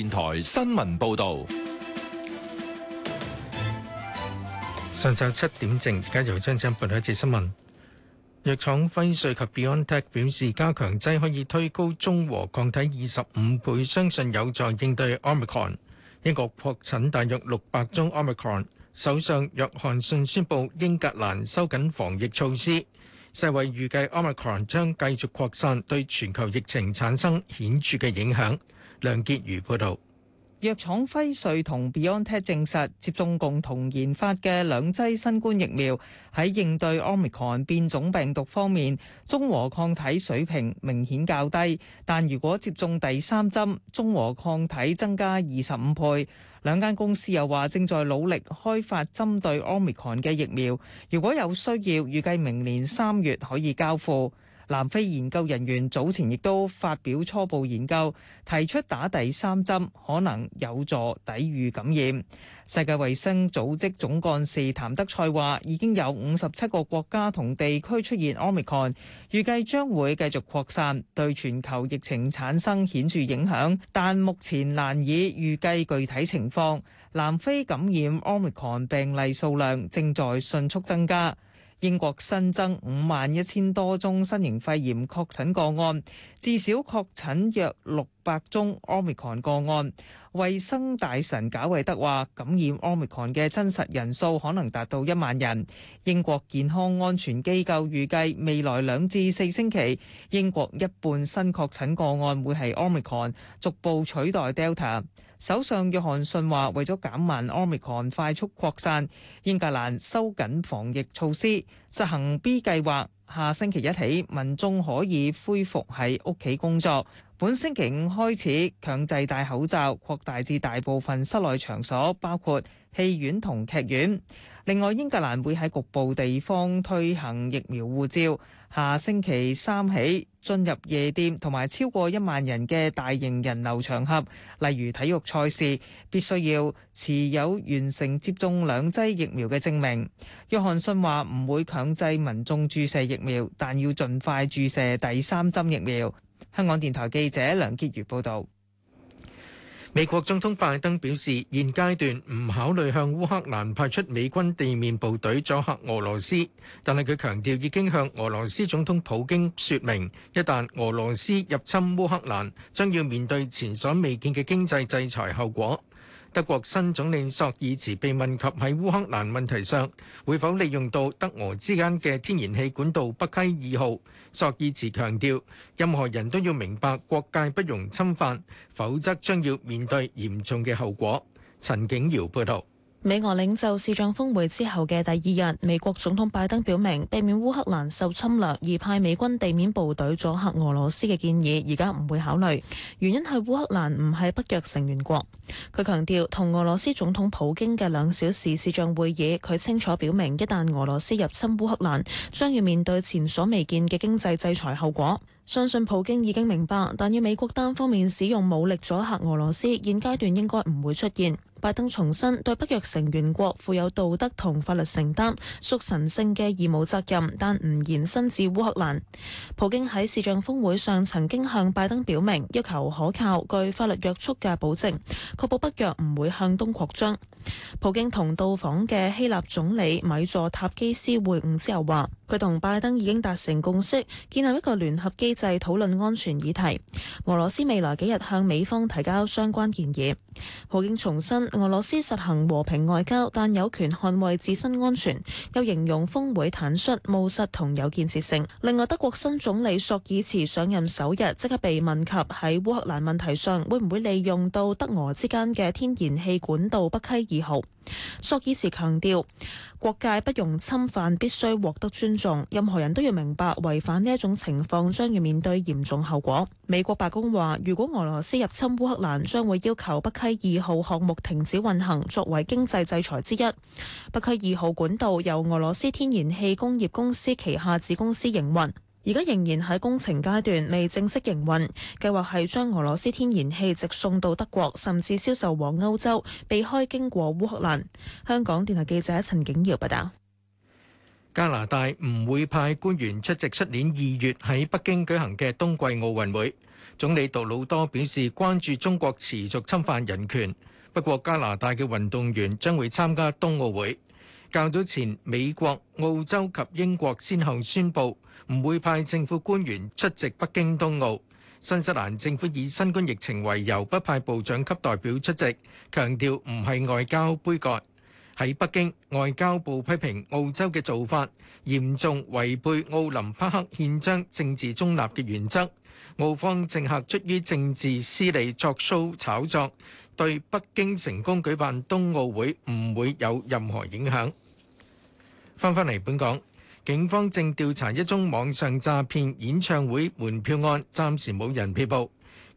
電台新聞報道：上晝七點正，而家由張生播一次新聞。藥廠輝瑞及 BioNTech 表示，加強劑可以推高中和抗體二十五倍，相信有助應對 Omicron。英國確診大約六百宗 Omicron。首相約翰遜宣布，英格蘭收緊防疫措施。世衛預計 Omicron 將繼續擴散，對全球疫情產生顯著嘅影響。梁潔如報道，藥廠輝瑞同 BioNTech 證實，接種共同研發嘅兩劑新冠疫苗喺應對 Omicron 變種病毒方面，中和抗體水平明顯較低。但如果接種第三針，中和抗體增加二十五倍。兩間公司又話正在努力開發針對 Omicron 嘅疫苗，如果有需要，預計明年三月可以交付。南非研究人員早前亦都發表初步研究，提出打第三針可能有助抵禦感染。世界衛生組織總幹事譚德塞話：已經有五十七個國家同地區出現 Omicron，預計將會繼續擴散，對全球疫情產生顯著影響。但目前難以預計具體情況。南非感染 Omicron 病例數量正在迅速增加。英國新增五萬一千多宗新型肺炎確診個案，至少確診約六百宗 omicron 個案。衛生大臣賈惠德話，感染 omicron 嘅真實人數可能達到一萬人。英國健康安全機構預計未來兩至四星期，英國一半新確診個案會係 omicron，逐步取代 delta。首相約翰遜話：為咗減慢奧密克戎快速擴散，英格蘭收緊防疫措施，實行 B 計劃。下星期一起，民眾可以恢復喺屋企工作。本星期五開始強制戴口罩，擴大至大部分室內場所，包括戲院同劇院。另外，英格蘭會喺局部地方推行疫苗護照。下星期三起。進入夜店同埋超過一萬人嘅大型人流場合，例如體育賽事，必須要持有完成接種兩劑疫苗嘅證明。約翰遜話唔會強制民眾注射疫苗，但要盡快注射第三針疫苗。香港電台記者梁潔如報導。美國總統拜登表示，現階段唔考慮向烏克蘭派出美軍地面部隊阻嚇俄羅斯，但係佢強調已經向俄羅斯總統普京說明，一旦俄羅斯入侵烏克蘭，將要面對前所未見嘅經濟制裁後果。德國新總理朔爾茨被問及喺烏克蘭問題上會否利用到德俄之間嘅天然氣管道北溪二號，朔爾茨強調，任何人都要明白國界不容侵犯，否則將要面對嚴重嘅後果。陳景瑤報道。美俄領袖視像峰會之後嘅第二日，美國總統拜登表明，避免烏克蘭受侵略而派美軍地面部隊阻嚇俄羅斯嘅建議，而家唔會考慮。原因係烏克蘭唔係北約成員國。佢強調，同俄羅斯總統普京嘅兩小時視像會議，佢清楚表明，一旦俄羅斯入侵烏克蘭，將要面對前所未見嘅經濟制裁後果。相信普京已經明白，但要美國單方面使用武力阻嚇俄羅斯，現階段應該唔會出現。拜登重申對北約成員國負有道德同法律承擔，屬神聖嘅義務責任，但唔延伸至烏克蘭。普京喺視像峰會上曾經向拜登表明，要求可靠、具法律約束嘅保證，確保北約唔會向東擴張。普京同到訪嘅希臘總理米佐塔基斯會晤之後話：佢同拜登已經達成共識，建立一個聯合機制討論安全議題。俄羅斯未來幾日向美方提交相關建議。普京重申俄羅斯實行和平外交，但有權捍衛自身安全。又形容峰會坦率、務實同有建設性。另外，德國新總理朔爾茨上任首日即刻被問及喺烏克蘭問題上會唔會利用到德俄之間嘅天然氣管道北溪二號。索爾斯強調，國界不容侵犯，必須獲得尊重。任何人都要明白，違反呢一種情況將要面對嚴重後果。美國白宮話，如果俄羅斯入侵烏克蘭，將會要求北溪二號項目停止運行，作為經濟制裁之一。北溪二號管道由俄羅斯天然氣工業公司旗下子公司營運。而家仍然喺工程階段，未正式營運。計劃係將俄羅斯天然氣直送到德國，甚至銷售往歐洲，避開經過烏克蘭。香港電台記者陳景瑤報道。加拿大唔會派官員出席出年二月喺北京舉行嘅冬季奧運會。總理杜魯多表示關注中國持續侵犯人權，不過加拿大嘅運動員將會參加冬奧會。較早前，美國、澳洲及英國先後宣布唔會派政府官員出席北京冬奧。新西蘭政府以新冠疫情為由，不派部長級代表出席，強調唔係外交杯葛。喺北京，外交部批評澳洲嘅做法嚴重違背奧林匹克憲章政治中立嘅原則，澳方政客出於政治私利作秀炒作，對北京成功舉辦冬奧會唔會有任何影響。翻返嚟，本港，警方正調查一宗網上詐騙演唱會門票案，暫時冇人被捕。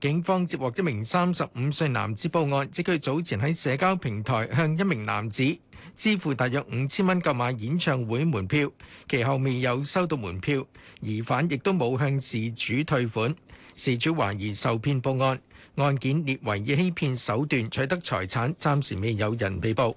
警方接獲一名三十五歲男子報案，指佢早前喺社交平台向一名男子支付大約五千蚊購買演唱會門票，其後未有收到門票，疑犯亦都冇向事主退款。事主懷疑受騙報案，案件列為以欺騙手段取得財產，暫時未有人被捕。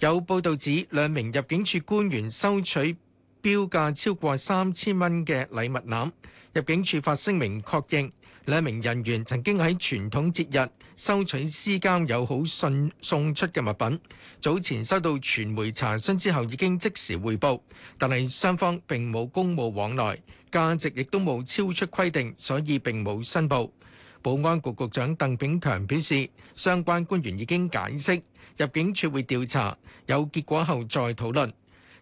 有報道指兩名入境處官員收取標價超過三千蚊嘅禮物籃，入境處發聲明確認。兩名人員曾經喺傳統節日收取私交友好信送出嘅物品，早前收到傳媒查詢之後已經即時彙報，但係雙方並冇公務往來，價值亦都冇超出規定，所以並冇申報。保安局局長鄧炳強表示，相關官員已經解釋，入境處會調查，有結果後再討論。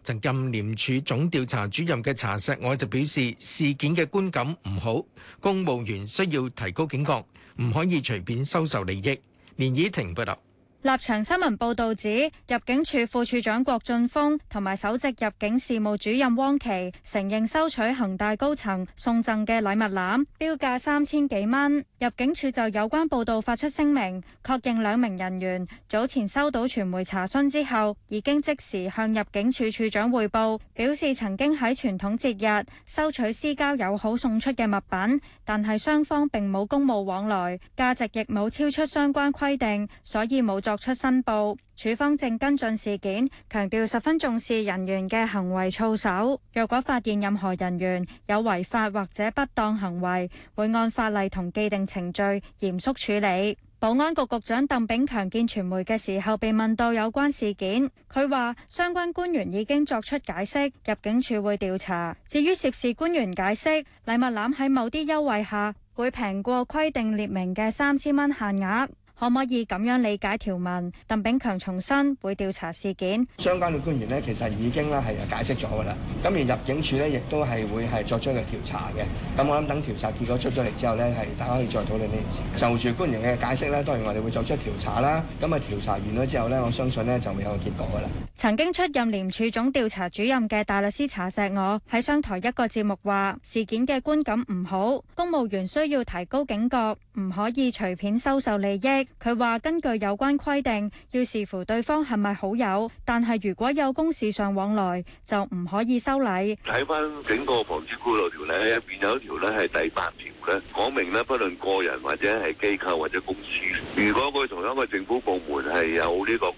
曾任廉署總調查主任嘅查錫我就表示，事件嘅觀感唔好，公務員需要提高警覺，唔可以隨便收受利益。連綺婷報道。立場新聞報道指，入境處副處長郭俊峰同埋首席入境事務主任汪琪承認收取恆大高層送贈嘅禮物籃，標價三千幾蚊。入境處就有關報道發出聲明，確認兩名人員早前收到傳媒查詢之後，已經即時向入境處處長匯報，表示曾經喺傳統節日收取私交友好送出嘅物品，但係雙方並冇公務往來，價值亦冇超出相關規定，所以冇作作出申報，處方正跟進事件，強調十分重視人員嘅行為操守。若果發現任何人員有違法或者不當行為，會按法例同既定程序嚴肅處理。保安局局長鄧炳強見傳媒嘅時候被問到有關事件，佢話相關官員已經作出解釋，入境處會調查。至於涉事官員解釋禮物籃喺某啲優惠下會平過規定列明嘅三千蚊限額。可唔可以咁樣理解條文？鄧炳強重申會調查事件，相關嘅官員呢，其實已經咧係解釋咗㗎啦。咁而入境處呢，亦都係會係作出一個調查嘅。咁我諗等調查結果出咗嚟之後呢，係大家可以再討論呢件事。就住官員嘅解釋呢，當然我哋會作出調查啦。咁啊，調查完咗之後呢，我相信呢就會有個結果㗎啦。曾經出任廉署總調查主任嘅大律師查錫我，我喺商台一個節目話：事件嘅觀感唔好，公務員需要提高警覺，唔可以隨便收受利益。佢話：根據有關規定，要視乎對方係咪好友，但係如果有公事上往來，就唔可以收禮。睇翻整個《防止賄賂條例》入邊有一條咧，係第八條咧，講明咧，不論個人或者係機構或者公司，如果佢同一個政府部門係有呢個。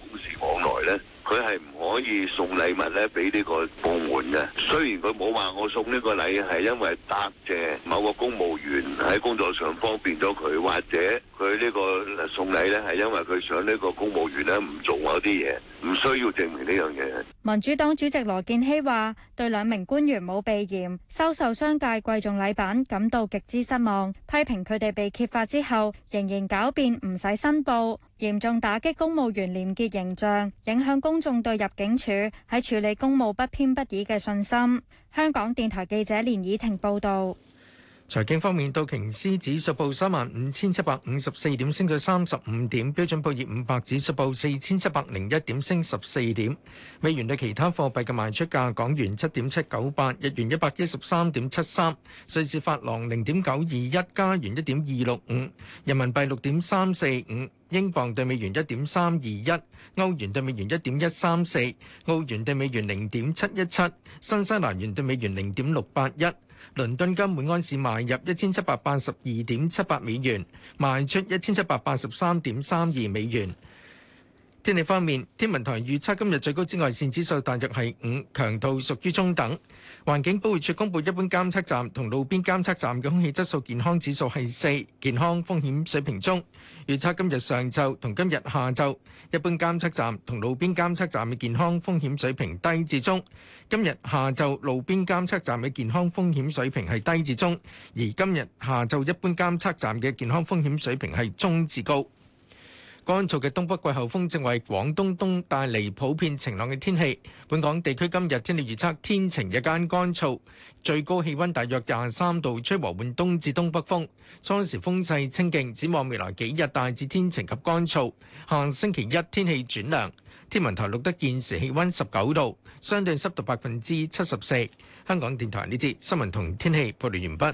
佢係唔可以送禮物咧，俾呢個部門嘅。雖然佢冇話我送呢個禮係因為答謝某個公務員喺工作上方便咗佢，或者佢呢個送禮咧係因為佢想呢個公務員咧唔做我啲嘢，唔需要證明呢樣嘢。民主黨主席羅建熙話：對兩名官員冇避嫌收受商界貴重禮品感到極之失望，批評佢哋被揭發之後仍然狡辯，唔使申報。嚴重打擊公務員廉潔形象，影響公眾對入境處喺處理公務不偏不倚嘅信心。香港電台記者連以婷報導。財經方面，道瓊斯指數報三萬五千七百五十四點，升咗三十五點；標準普爾五百指數報四千七百零一點，升十四點。美元對其他貨幣嘅賣出價：港元七點七九八，日元一百一十三點七三，瑞士法郎零點九二一，加元一點二六五，人民幣六點三四五，英鎊對美元一點三二一，歐元對美元一點一三四，澳元對美元零點七一七，新西蘭元對美元零點六八一。倫敦金每安士買入一千七百八十二點七八美元，賣出一千七百八十三點三二美元。天氣方面，天文台預測今日最高紫外線指數大約係五，強度屬於中等。環境保護署公佈一般監測站同路邊監測站嘅空氣質素健康指數係四，健康風險水平中。預測今日上晝同今日下晝，一般監測站同路邊監測站嘅健康風險水平低至中。今日下晝路邊監測站嘅健康風險水平係低至中，而今日下晝一般監測站嘅健康風險水平係中至高。乾燥嘅東北季候風正為廣東東帶嚟普遍晴朗嘅天氣。本港地區今日天氣預測，天晴日間乾燥，最高氣溫大約廿三度，吹和緩東至東北風，初時風勢清勁，展望未來幾日大致天晴及乾燥，下星期一天氣轉涼。天文台錄得現時氣溫十九度，相對濕度百分之七十四。香港電台呢節新聞同天氣報道完畢。